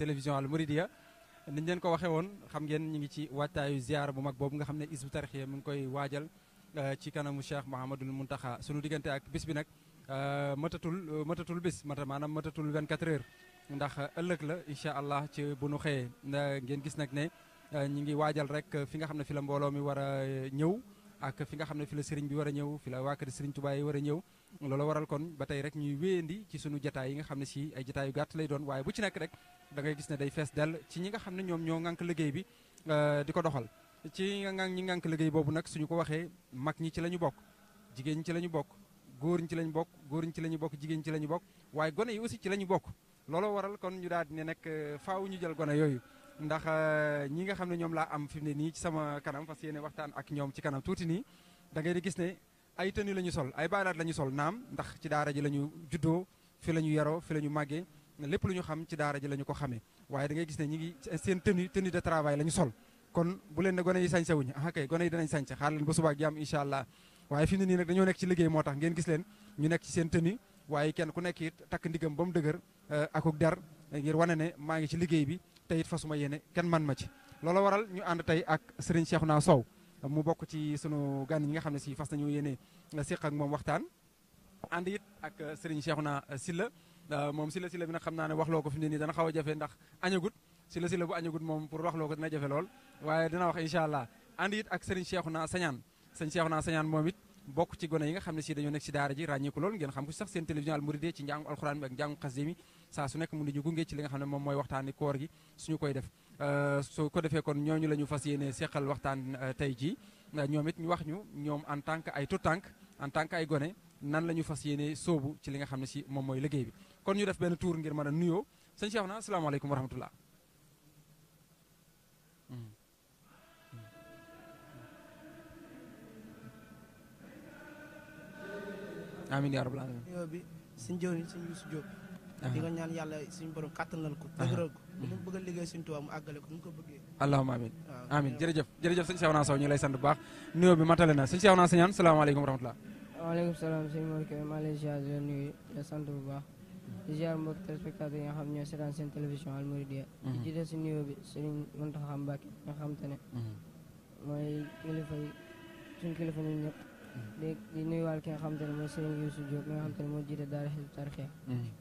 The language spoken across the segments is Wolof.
télévision Al Mouridiyyah niñ leen ko waxee woon xam ngeen ñi ngi ci waajtaayu ziar bu mag boobu nga xam ne Hizbut Tarqiyyah mu ngi koy waajal euh, ci kanamu Cheikh Mouhamadul Mountakha sunu diggante ak bis bi nag euh, matatul euh, matatul bis mata maanaam matatul 24 heures ndax ëllëg la incha allah ci bu nu xëyee ngeen gis nag ne ñu ngi waajal rek fi nga xam ne fi mbooloo mi war a ñëw ak fi nga xam ne fi la sëriñ bi war ñëw fi la waa kër sëriñ Tuubaa yi war a ñëw loola waral kon ba tey rek ñuy wéyandi ci suñu jataay yi nga xam ne si ay jataay yu gàtt lay doon waaye bu ci nekk rek dangay gis ne day fees dell ci ñi nga xam ne ñoom ñoo ŋànk liggéey bi euh, di ko doxal ci nga ñi ŋànk liggéey boobu nag suñu ko waxee mag ñi ci la ñu bokk jigéen ñi la ñu bokk góor ci la bokk góor ñi ci la ñu bokk jigéen ñi la ñu bokk waaye gone yi aussi ci la ñu bokk loolu waral kon ñu daal ne nag euh, faaw ñu jël gone yooyu ndax euh, ñi nga xam ne ñoom laa am fi ne nii ci sama kanam fas yéene waxtaan ak ñoom ci kanam tuuti nii da di gis ne ay tenue la ñu sol ay baalaat la ñu sol naam ndax ci daara ji la ñu juddoo fi la ñu yaroo fi la ñu màggee lépp lu ñu xam ci daara ji lañu ko xamee waaye da ngay gis ne ñi ngi seen tenue tenue de travail la ñu sol kon bu leen ne gone yi sañse wuñu ah kay gone yi danañ sañse xaar leen ba subaak jàmm incha allah waaye fi mu ne nii nag dañoo nekk ci liggéey moo tax ngeen gis leen ñu nekk ci seen tenue waaye kenn ku nekk it takk ndigam ba mu dëgër eh, akuk der ngir wane ne maa ngi ci liggéey bi te it fasuma yéene kenn man ma ci loolu waral ñu ànd tey ak Serigne Cheikhouna Sow mu bokk ci sunu gan yi nga xam ne si fas nañu yéene uh, séq ak moom waxtaan ànd it ak uh, Serigne Cheikhouna uh, Sylla moom Sylla Sylla bi nag xam naa ne wax loo ko fi mu ne nii xaw a jafe ndax añagut Sylla Sylla bu añagut moom pour wax loo ko dina jafe lool waaye dana wax incha allah ànd it ak Serigne Cheikhouna Sagnane Serigne Cheikhouna Sagnane moom it bokk ci gone yi nga xam ne si dañoo nekk si daara ji ràññeeku lool ngeen xam ko sax seen télévision Al Mouride ci njàngu alxuraan bi ak njàngu xasida mi saa su nekk mu ngi ñu gunge ci li nga xam ne moom mooy waxtaani koor gi suñu koy def euh, su ko defee kon ñooñu lañu fas yéene seqal waxtaan euh, tey jii euh, ñoom it ñu wax ñu ñoom en tant que ay tutank en tant que ay gone nan la ñu fas yéene sóobu ci li nga xam ne si moom mooy liggéey bi kon ñu def benn tour ngir mën a nuyoo sëñ Cheikh na asalaamaaleykum wa rahmatullah mm. amiin yaa rabbal aalamiin di nga ñaan yàlla suñu borom kàttanal ko dëgëral ko bu bëgg a liggéey suñu tubaab mu àggale ko nu mu ko bëggee allahuma amin amin jërëjëf jërëjëf sëñ Cheikh Ouna Sow ñu lay sant bu baax nuyoo bi matale na sëñ Cheikh Ouna Sow salaamaaleykum wa rahmatulah sant bu baax di ziar mbokk nga xam ñoo seetaan seen télévision Al Mouridiyyah di mhm. jiite si nuyoo bi Serigne Mountakha Mbacké nga xam te ne mhm. mooy kilifa yi suñu kilifa ñun ñëpp mhm. di nuyuwaal ki nga xam te mooy Serigne Youssou Diop nga xam te ne moo jiite daara Hizbut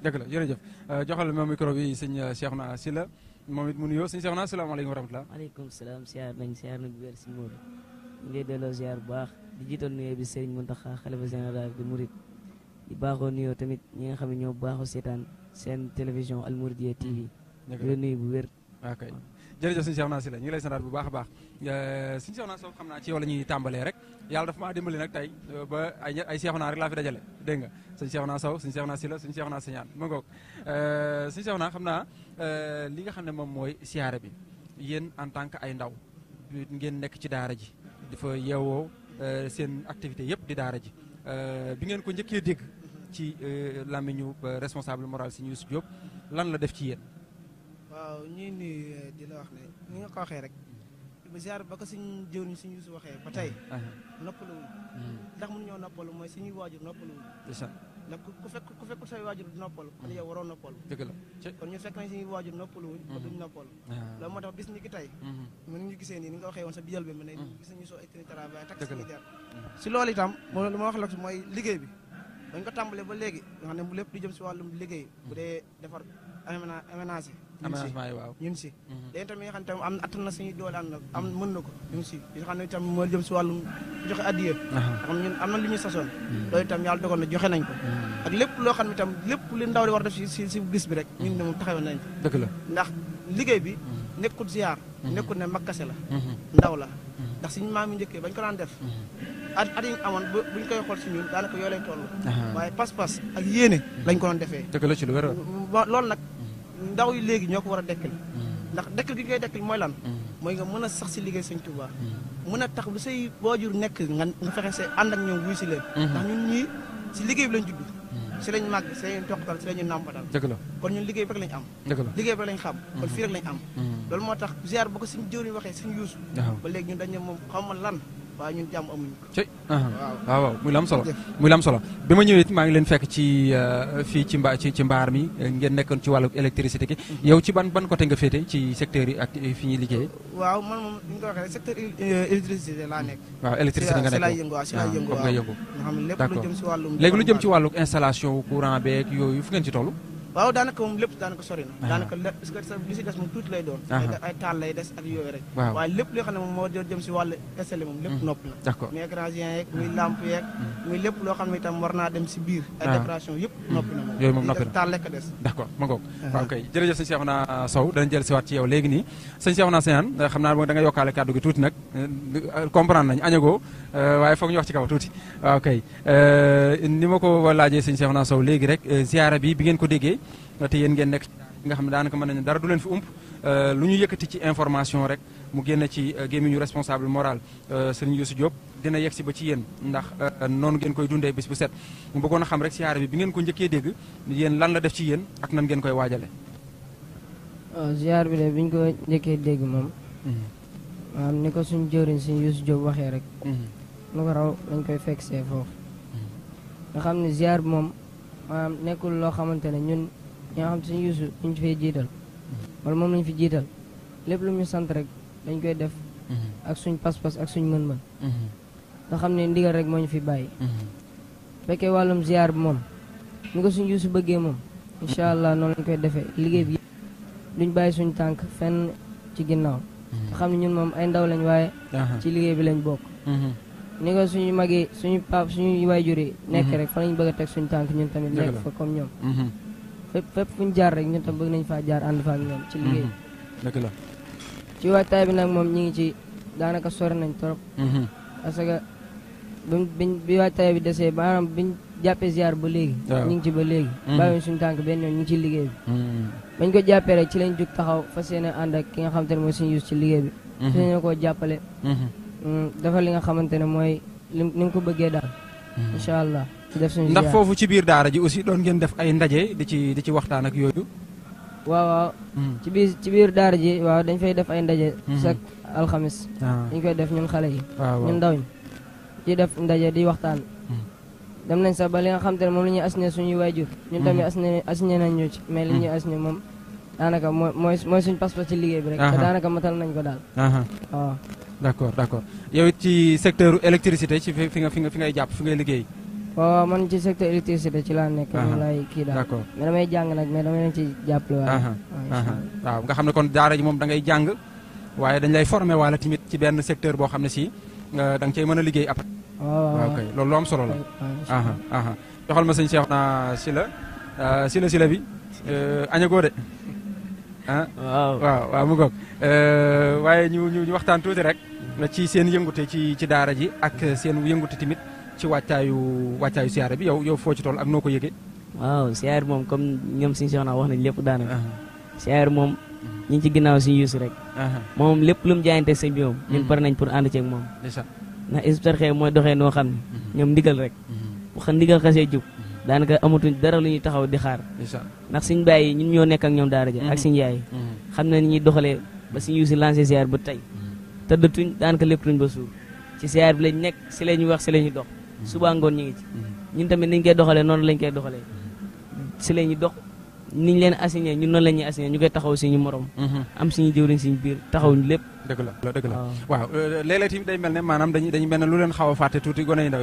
dëgg jërëjëf euh, joxal ma micro bi sëñ euh, Cheikhouna Sylla moom it mu nuyoo sëñ Cheikhouna salaamaaleykum wa rahmatulah. waaleykum salaam siyaar nañ siyaar nañ bu wér sëñ ñu ngi lay delloo bu baax di jiital nuyoo bi sëriñ Mountakha xalifa général di mu di baaxoo nuyoo tamit ñi nga xam ne ñoo baaxoo seetaan seen télévision Al Mouridiyyah TV. dëgg la bu wér. ok jërëjëf sëñ Cheikhouna Sylla ñu ngi lay santaat bu baax a baax euh, sëñ Cheikhouna Sow xam naa ci yow la ñuy tàmbalee rek. yàlla dafa maa dimbali nag tey euh, ba ay ay Seexuna rek laa fi dajale dégg nga sëñ Seexuna Sow sëñ Seexuna Sila sëñ Seexuna Siñaan ma ngoog euh, sëñ naa xam naa euh, li nga xam ne moom mooy siyaare bi yéen en tant que ay ndaw ngeen nekk ci daara ji dafa yeewoo seen activité yëpp di daara ji bi ngeen ko njëkkee dégg ci làmmiñu responsable moral si Youssou Diop lan la def ci yéen waaw ñuy nuyu di la wax ne ni nga ko waxee rek ba ziar ba ko suñ jëwriñ suñu Yuusu waxee ba tey ah. noppaluwuñ hmm. ndax mun ñoo noppalu mooy suñuy waajur noppaluwuñ ndax ku fekk ku fekk say waajur du noppalu kon hmm. yow waroo noppalu dëgg la kon ñu fekk nañ suñuy waajur noppaluwuñ kon hmm. duñ noppalu ah. loolu moo tax bis ni ki tey mu ni ñu gisee nii ni nga waxee woon sa bijal bi mu ne gis nañu soo etini travail takk suñuy der si loolu itam moom lu ma wax la mooy liggéey bi dañ ko tàmbalee ba léegi nga xam ne lépp di jëm si wàllum liggéey bu dee defar aménage yi aménagement yi waaw ñu ngi si léegi tamit nga xam ne tam am attan na suñu doole ànd am na ko ñu si yi xam ne tam moo jëm si wàllum joxe addiya am na lu ñu sasoon mhm. loolu itam yàlla dogal na joxe nañ ko mhm. ak lépp loo xam ne tam lépp li ndaw li war def si si si gis bi rek mhm. ñun la ndax liggéey ne makkase la ndaw la ndax suñu maam yi njëkkee bañ ko daan def at at yi amoon buñ koy xool si ñun daanaka yoo lay toll waaye pas-pas ak yéene lañ ko doon defee dëgg nag ndaw yi léegi ñoo ko war a dekkal mm. ndax dekkal gi ngay dekkal mooy lan mm. mooy nga mën a sax si liggéey sëñ Touba mm. mën a tax bu say waajur nekk nga fexe see ànd ak ñoom wuy si leen mm-hmm. ndax ñun ñii si liggéey bi lañ judd si lañ màgg si lañ toqtal si lañu nàmpatal dëgg kon ñun liggéey bi rek lañ am liggéey bi lañ xam kon fii rek mm-hmm. lañ am mm-hmm. loolu moo tax ziar bu ko suñ jëwriñ waxee suñ yuusu ba léegi ñun dañ ne moom xaw ma lan waaye ñun jàmm amuñu ci waaw waaw muy la am solo muy la am solo bi ma ñëwee maa ngi leen fekk ci euh, fii ci mba ci mbaar mi euh, ngeen nekkoon ci wàllu électricité ki mhm. yow ci ban ban côté nga féete ci secteur yi ak fi ñuy liggéey waaw man moom ñu ko euh, nekk waaw électricité nga nekk si laay yëngu ah, waaw si laay yëngu waaw lépp lu jëm si wàllu léegi lu jëm ci wàllu installation courant beeg yooyu fu ngeen ci toll waaw daanaka moom lépp daanaka sori na ah. daanaka parce que li si des moom tuuti lay doon ah. ay taal lay des ak yooyu rek waaye lépp li xam ne moom moo jëm si wàllu installé moom lépp mm. nopp na muy écrangien yeeg muy lampe yeeg mm. muy lépp loo xam ne itam war naa dem si biir ah. ay décoration yëpp mm. noppi na moom yooyu moom noppi na taal lekk des d' accord ma ngoog waaw kay jërëjëf sëñ Cheikhouna Sow danañ jël si waat ci yow léegi nii sëñ Cheikhouna Seyane xam naa da nga yokkaale kàddu gi tuuti nag euh, comprendre nañ añagoo euh, waaye foog ñu wax ci kaw tuuti waaw kay euh, ni ma ko laajee sëñ Cheikhouna Sow léegi rek ziara bi bi ngeen ko déggee bi te yéen ngeen nekk bi nga xam ne daanaka mën nañu dara du leen fi ump euh, lu ñu yëkkati ci information rek mu génn ci euh, gémmiñu responsable moral euh, Serigne Youssou Diop dina yegg si ba ci yéen ndax noonu ngeen koy dundee bis bu set mu bëggoon a xam rek siyaare bi bi ngeen ko njëkkee dégg yéen la def ci yéen ak nan ngeen koy waajale waaw ziar bi de bi ko njëkkee dégg moom mhm. maanaam ni ko suñ jëriñ suñ Youssou Diop waxee rek nu mhm. ko raw lañ koy fekk see foofu mhm. nga xam ne ziar bi moom maanaam nekkul loo xamante ne ñun ñoo xam suñu yuusu ñu fee jiital mm-hmm. wala moom lañu fi jiital lépp lu ñu sant rek dañ koy def mm-hmm. ak suñ pas-pas ak suñ mën-mën mm-hmm. nga xam ne ndigal rek moo ñu fi bàyyi fekkee wàllum ziar bi moom ñu ko suñu yuusu bëggee moom incha allah noonu lañ koy defee liggéey bi duñ bàyyi suñu tànk fenn ci ginnaaw nga xam ne ñun moom ay ndaw lañ waaye uh-huh. ci liggéey bi lañ bokk ni ko suñu mag yi suñu paap suñu waajur yi nekk mhm. rek fa lañ bëgg a teg suñu tànk ñun tamit nekk fa comme ñoom mhm. fépp fépp fu ñu jaar rek ñun tam bëgg nañ faa jaar ànd fa ak ci liggéey mhm. dëgg la ci waajtaay bi nag moom ñi ngi ci daanaka sori nañ trop parce que bi biñ bi waajtaay bi desee maanaam biñ jàppee ziar ba léegi ñi ngi ci ba léegi bàyyiwuñ suñu tànk benn yoon ñi ngi liggéey bi bañ ko jàppee rek ci lañ jug taxaw fas yéene ànd ak ki nga xam te ne mooy suñu yus ci liggéey bi koo jàppale Mm, dafa li nga xamante ne mooy ni nga ko bëggee daal. Mm-hmm. incha allah ci def suñu ndax foofu ci biir daara ji aussi doon ngeen def ay ndaje di ci di ci waxtaan ak yooyu. waaw waaw. Mm. ci biir ci biir daara ji waaw dañ fay def ay ndaje. Mm-hmm. chaque alxamis. Ah. dañ koy def ñun xale yi. ñun ndaw ñi ci def ndaje di waxtaan. Mm. dem nañ sax ba li nga xamante ne moom la ñuy asné suñuy waajur. ñun tamit mm-hmm. asné asné nañ ñu ci mais li ñuy asné moom daanaka mooy mooy suñu passeport ci liggéey bi rek. daanaka matal nañ ko daal. waaw. d' accord accord yow it ci secteur électricité ci fi nga fi nga fi ngay jàpp fi ngay liggéey. waaw man ci secteur électricité ci laa nekk. moom laay kii daal d' accord mais damay jàng nag mais damay leen ci jàppale nga xam ne kon daara ji moom da ngay jàng waaye dañ lay former wala tamit ci benn secteur boo xam ne si da nga mën a liggéey après. loolu lu solo la. joxal ma sëñ Cheikh na si la si la si bi añagoo euh, de. ah waaw waaw mu ngoog euh, waaye ñu ñu waxtaan tuuti rek ci seen yëngute ci ci daara ji ak seen yëngute tamit ci wàccaayu wàccaayu siyaare bi yow yow foo ci toll ak noo ko yëgee. waaw siyaare moom comme ñoom suñu soxna wax nañ lépp daanaka. Ah. siyaare moom ñu ngi ci ginnaaw suñu yuusu rek. Ah. moom lépp lum mu jaayante sëñ bi moom. ñun mm-hmm. pare nañ pour ànd ceeg moom. ndax Hizbut Tarqiyyah mooy doxee noo xam ne. Mm-hmm. ñoom ndigal rek. bu mm-hmm. ndigal xasee jub. daanaka amatuñ dara lu ñuy taxaw di xaar ndax suñ bàyyi ñun ñoo nekk ak ñoom daara ja ak mhm. suñ yaay mhm. xam na ni ñuy doxalee ba suñ yuusi lancé ziar ba tey mhm. tëddatuñ daanaka lépp tuñ ba suur ci ziar bi lañ nekk si la ñuy wax si la ñuy dox suba ngoon ñu ngi ci ñun tamit niñ koy doxalee noonu lañ koy doxalee si la ñuy dox niñ leen assigné ñun noonu la ñuy assigné ñu koy taxaw suñu morom am suñu jëwriñ suñu biir taxawuñ lépp dëgg la dëgg la waaw euh, léeg-léeg tamit day mel ne maanaam dañuy dañuy mel ne lu leen xaw a fàtte tuuti gone yu ndaw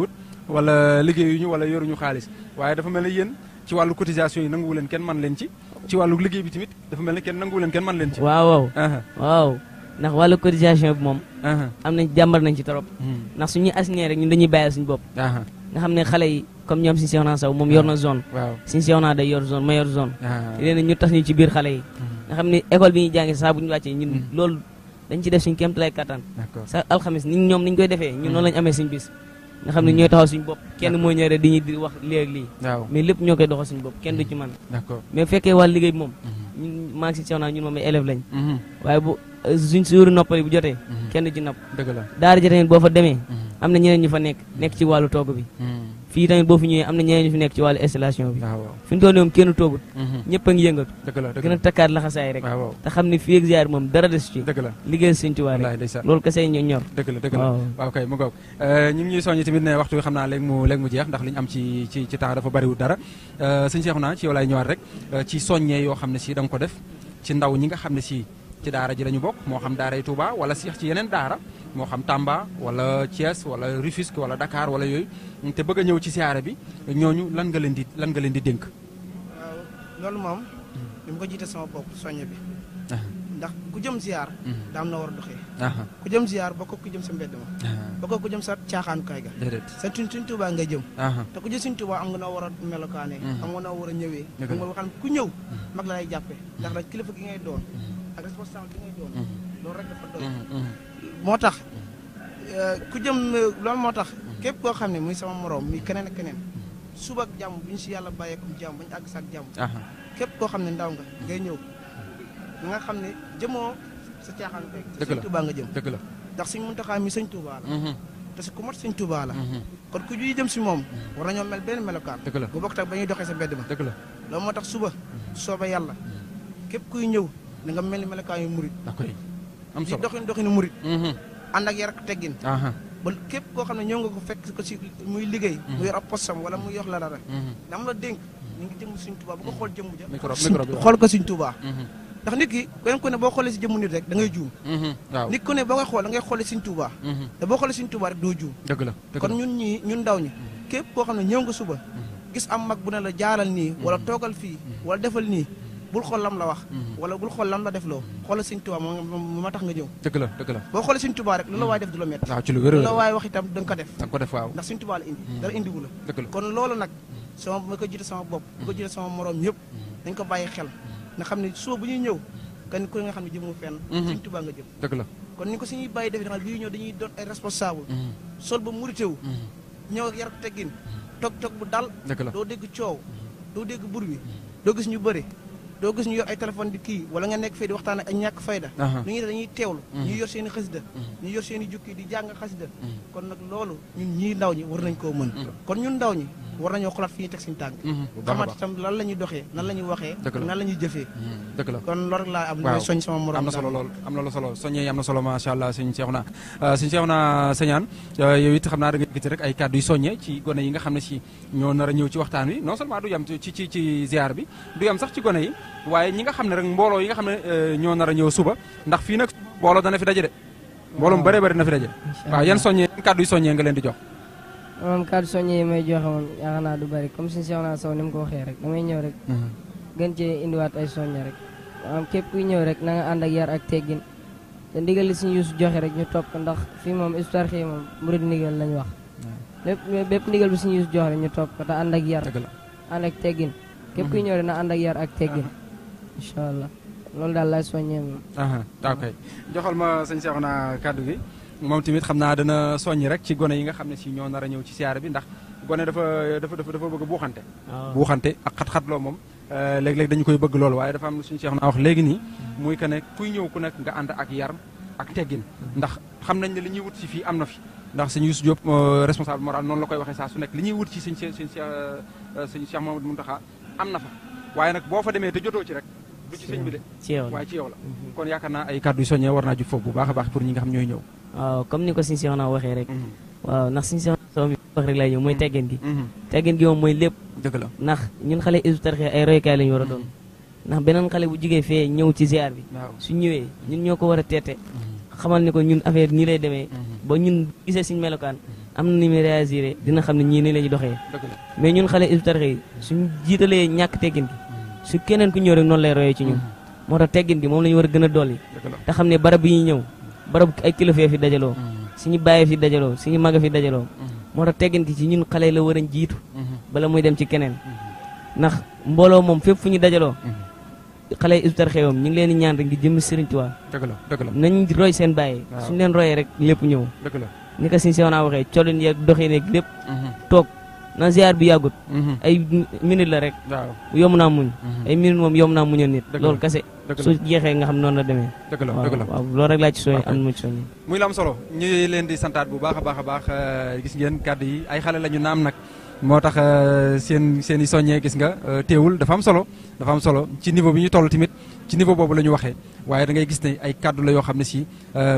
yi wala liggéeyuñu wala yoruñu xaalis waaye dafa mel ne yéen ci wàllu cotisation yi nanguwu leen kenn man leen ci ci wàllu liggéey bi tamit dafa mel ne kenn nanguwu leen kenn man leen ci waaw waaw ndax wàllu cotisation bi moom am nañ jàmbar nañ ci trop hmm. ndax suñuy assigné rek ñun dañuy bàyyi suñu bopp nga xam ne xale yi comme ñoom suñu seexnaa saw moom yor na zone suñu seexnaa day yor zone ma zone léegi ñu tax ñu ci biir xale yi hmm. nga xam ne école bi ñu wàccee ñun hmm. nga xam ne ñooy taxaw suñu bopp kenn moo ñëw rek di ñu di wax lii ak lii mais lépp ñoo koy doxal suñu bopp kenn du mm-hmm. ci mais fekkee wàll liggéey bi moom mm-hmm. maa si soxna ñun moom ay lañ mm-hmm. waaye bu suñ suuru noppali bu jotee kenn du ci napp daara jotee boo fa demee am na ñeneen ñu fa nekk nekk ci wàllu togg bi fii tamit boo fi ñëwee am na ñeneen ñu fi nekk ci wàllu installation bi ah, fi ñu kenn toogut mhm. ñëpp a yëngatu gën a takkaat laxasaay rek ah, te xam ne fii ak ziar moom dara des ci liggéey Sëñ Tuubaa rek loolu kese ñor dëgg la dëgg euh, tamit ne waxtu xam naa léegi mu léegi mu jeex ndax li ñu am ci ci ci temps dafa bariwul dara euh, sëñ Cheikhouna ci yow laay ñëwaat rek euh, ci soññee yoo xam ne sii da nga ko def ci ndaw ñi nga xam ne sii ci daara ji la ñu bokk moo xam daaray Touba wala seex ci yeneen daara moo xam Tamba wala Thiès wala Rufisque wala dakaar wala yooyu te bëgg a ñëw ci siyaare bi ñooñu lan nga leen di lan nga leen di dénk. waaw loolu moom. ni mu ko jiite sama bopp soññe bi. ndax ku jëm ziar. Mhm. daam na war a doxee. ku jëm ziar bokkul ku jëm sa mbedd ma. bokkul ku jëm sa caaxaanukaay ga. déedéet sa tuñ tuñ Tuubaa nga jëm. te ku jëm suñ Tuubaa am nga noo war a melokaanee. Mhm. am nga noo war a ñëwee. dëgg la nga ku ñëw mhm. mag la ndax nag kilifa gi ngay doon. ak responsable bi mm-hmm. loolu rek mm-hmm, mm-hmm. moo tax euh, ku jëm loolu moo tax. képp koo xam ne muy sama moroom muy keneen ak keneen. suba ak jàmm bu ñu si yàlla bàyyeekum jàmm bu ñu àgg saak jàmm. képp koo xam ne ndaw nga ngay ñëw. nga xam ne jëmoo sa caaxaan rek. dëgg la sëñ Touba nga jëm dëgg la. ndax suñ Muntaxa mi sëñ Touba la. te si ku mat sëñ Touba la. kon ku ñuy jëm si moom. war nañoo mel benn melokaan. dëgg la bu bokk tax ba ñuy doxee sa mbedd ma. dëgg la loolu moo tax suba. sooba yàlla képp kuy ñëw. da mel ni melokaan yu murit d'accord am solo di doxin doxinu murit mm-hmm. ànd ak yar ak teggin ba képp koo xam ne ñëw nga ko fekk ko si muy liggéey mm-hmm. mu yor ab posam wala mu yox la dara mm-hmm. dama la dénk ñu ngi jëm suñ tubaa bu ko xool jëmm ja xool ko suñ tubaa ndax nit ki kenn ku ne boo xoolee si jëmm nit rek da ngay juum waaw nit ku ne boo koy xool da ngay xoolee suñ tubaa te boo xoolee suñ tubaa rek doo juum dëgg la kon ñun ñi ñu ndaw ñi képp koo xam ne ñëw nga suba gis am mag bu ne la jaaral nii wala toogal fii wala defal nii bul xool lam la wax mhm. wala bul xool lam la def loo xoolal Sëñ Tuubaa moo ma tax nga jëw dëgg la dëgg la boo xoolee Sëñ Tuubaa rek lu la waay mhm. def du la la waay wax itam da ko def da nga ko waaw ndax Sëñ Tuubaa la indi mhm. dara indi la kon loolu nag sama bu ñuy ñëw kan ku nga xam ne jëmu fenn Sëñ Tuubaa nga jëm kon ni ko suñuy bàyyi def nga xam ñëw dañuy doon ay responsable sol ba murité ñëw yar teggin toog toog bu dal doo dégg coow doo dégg bur doo gis ñu bëri doo gis ñu yor ay téléphone di kii wala nga nekk fii di waxtaan ak ñàkk fayda lu ñuy def dañuy teewlu mhm. ñu yor seen i xasida mhm. ñu yor seen i jukki di jàng xasida mhm. kon nag loolu ñun ñii ndaw ñi war nañ koo mën kon ñun ndaw ñi war nañoo xolaat fi ñu teg suñu tànk mhm. xamaat itam lan la ñuy doxee nan la ñuy waxee nan la ñuy jëfee mhm. dëgg la kon loolu am na solo lool am na solo soññee am na solo macha allah suñu seex naa suñu seex naa sañaan yow it xam naa da nga yëkkati rek ay kàddu yu soññee ci gone yi nga xam ne si ñoo nar a ñëw ci waxtaan wi non seulement du yam ci ci ci ziar bi du yam sax ci gone yi waaye ñi nga xam ne rek mbooloo yi nga xam ne euh, ñoo nar a ñëw suba ndax fii nag mbooloo dana fi daje de mbooloo mu bëree bëri na fi daje waaw yan soññee yan kàddu yu nga leen di jox man kàddu soññe yi may joxe woon yaakaar du bari comme suñu Cheikh naa Sow ni mu ko waxee rek damay ñëw rek. Mhm. gën cee indiwaat ay soññe rek. maanaam képp kuy ñëw rek na ànd ak yar ak teggin te ndigal li joxe rek ñu topp ndax fii moom histoire xii moom murid ndigal lañ wax. lépp bépp ndigal bi suñu Yuusu joxe rek ñu topp ko te ànd ak yar. ànd ak teggin. képp kuy mhm. ñëw rek na ànd ak yar ak teggin. Mhm. incha allah loolu daal laay soññee moom. d' joxal ma sëñ Cheikh naa kàddu gi. moom tamit xam naa dana soññi rek ci gone yi nga xam ne si ñoo nar a ñëw ci siyaara bi ndax gone dafa dafa dafa dafa bëgg buuxante ah. buuxante ak xat-xatloo moom euh, léeg-léeg dañu koy bëgg loolu waaye dafa am suñu seex naa wax léegi nii muy que ne kuy ñëw ku nekk nga ànd ak yar ak teggin ndax xam nañ ne li ñuy wut si fii am na fi ndax sëñ Youssou Diop euh, responsable moral noonu la koy waxee saa su nekk li ñuy wut si sëñ sëñ euh, sëñ Cheikh Mamadou Mountakha na fa waaye nag boo fa demee te jotoo ci rek du ci sëñ bi de waaye ci yow la mhm. kon yaakaar naa ay kàddu soññee war naa jub foofu bu baax a baax pour ñi nga xam ñooy ñëw waaw comme ni ko suñu si xanaa waxee rek. Mhm. ndax suñu si xanaa wax rek lay ñëw mooy mhm. teggin gi. Mhm. teggin gi moom mooy lépp. dëgg la ndax ñun xale Hizbut Tarqiyyah ay roykaay la ñu war a doon. ndax beneen xale bu jugee fee ñëw ci ziar bi. su ñëwee ñun ñoo ko war a teete. xamal ni ko ñun affaire nii lay demee. ba ñun gisee suñu melokaan. am na ni muy réagir dina xam ne ñii nii la ñuy doxee. mais ñun xale Hizbut Tarqiyyah suñu jiitalee ñàkk teggin gi. su keneen ku ñëw rek noonu lay royee ci ñun. moo tax teggin gi moom lañu war gën a dolli. te xam ne barab bi ñuy ñëw barab ay kilifa fi dajaloo mm. suñu bàyyi fi dajaloo suñu mag fi dajaloo mm. moo tax teggin ki ci ñun xale la war a jiitu mm-hmm. bala muy dem ci keneen mm-hmm. ndax mbooloo moom fépp fu ñu dajaloo mm-hmm. xale yi isbitar xewam ñu ngi leen di ñaan rek ngi jëm Serigne Touba dëgg la dëgg la nañ roy seen bàyyi suñu leen royee rek lépp ñëw dëgg la ni ko suñu sewnaa waxee colin yeeg doxin yeeg lépp toog na ziar bi yàggut. Mhm. ay minute la rek. waaw yomb naa muñ. Mhm. ay minute moom yomb naa muñal nit. loolu kase su jeexee nga xam noonu la demee. dëgg la dëgg la waaw loolu rek laa ci sooy am mucc soññi. muy la am solo ñu leen di santaat bu baax a baax a baax euh, gis ngeen kàddu yi ay xale la ñu naam nag. moo tax euh, seen seeni i soññee gis nga euh, teewul dafa am solo dafa am solo ci niveau bi ñu toll tamit ci niveau boobu la ñu waxee waaye da ngay gis ne ay kàddu la yoo xam ne si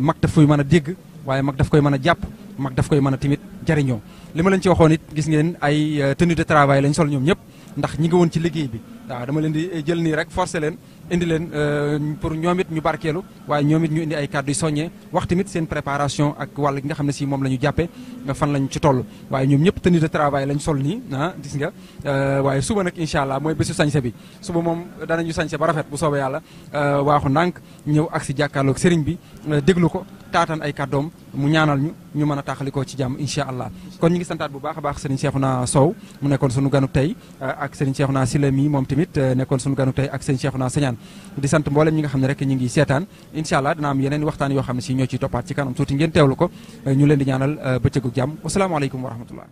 mag te fuy mën a dégg. waaye mag daf koy mën a jàpp mag daf koy mën a timit jariñoo li ma leen ci waxoon it gis ngeen ay euh, tenue de travail lañ sol ñoom ñëpp ndax ñi ngi woon ci liggéey bi waaw dama leen di euh, jël nii rek forcé leen indi leen euh, pour ñoom it ñu barkeelu waaye ñoom it ñu indi ay kàddu yu soññee wax tamit seen préparation ak wàll gi nga xam ne si moom la ñu jàppee nga fan lañu ci toll waaye ñoom ñëpp tenue de travail lañ sol nii ah gis nga waaye suba nag incha allah mooy bésu sañse bi suba moom danañu sañse ba rafet bu soobee yàlla waaxu ndànk ñëw ak si jàkkaarloog sëriñ bi déglu ko taataan ay kàddoom mu ñaanal ñu ñu mën a tàqalikoo ci jàmm incha allah kon ñu ngi santaat bu baax a baax Serigne Cheikhouna Sow mu nekkoon sunu ganuk tey euh, ak Serigne Cheikhouna Sile mi moom tamit euh, nekkoon sunu ganuk tey ak Serigne Cheikhouna Sagnane di sant mboolem ñi nga xam ne rek ñu ngi seetaan incha allah dina am yeneen waxtaan yoo xam ne si ñoo ciy toppaat ci kanam tuuti ngeen teewlu ko euh, ñu leen di ñaanal bëccëgu jàmm wasalaamaaleykum wa rahmatullah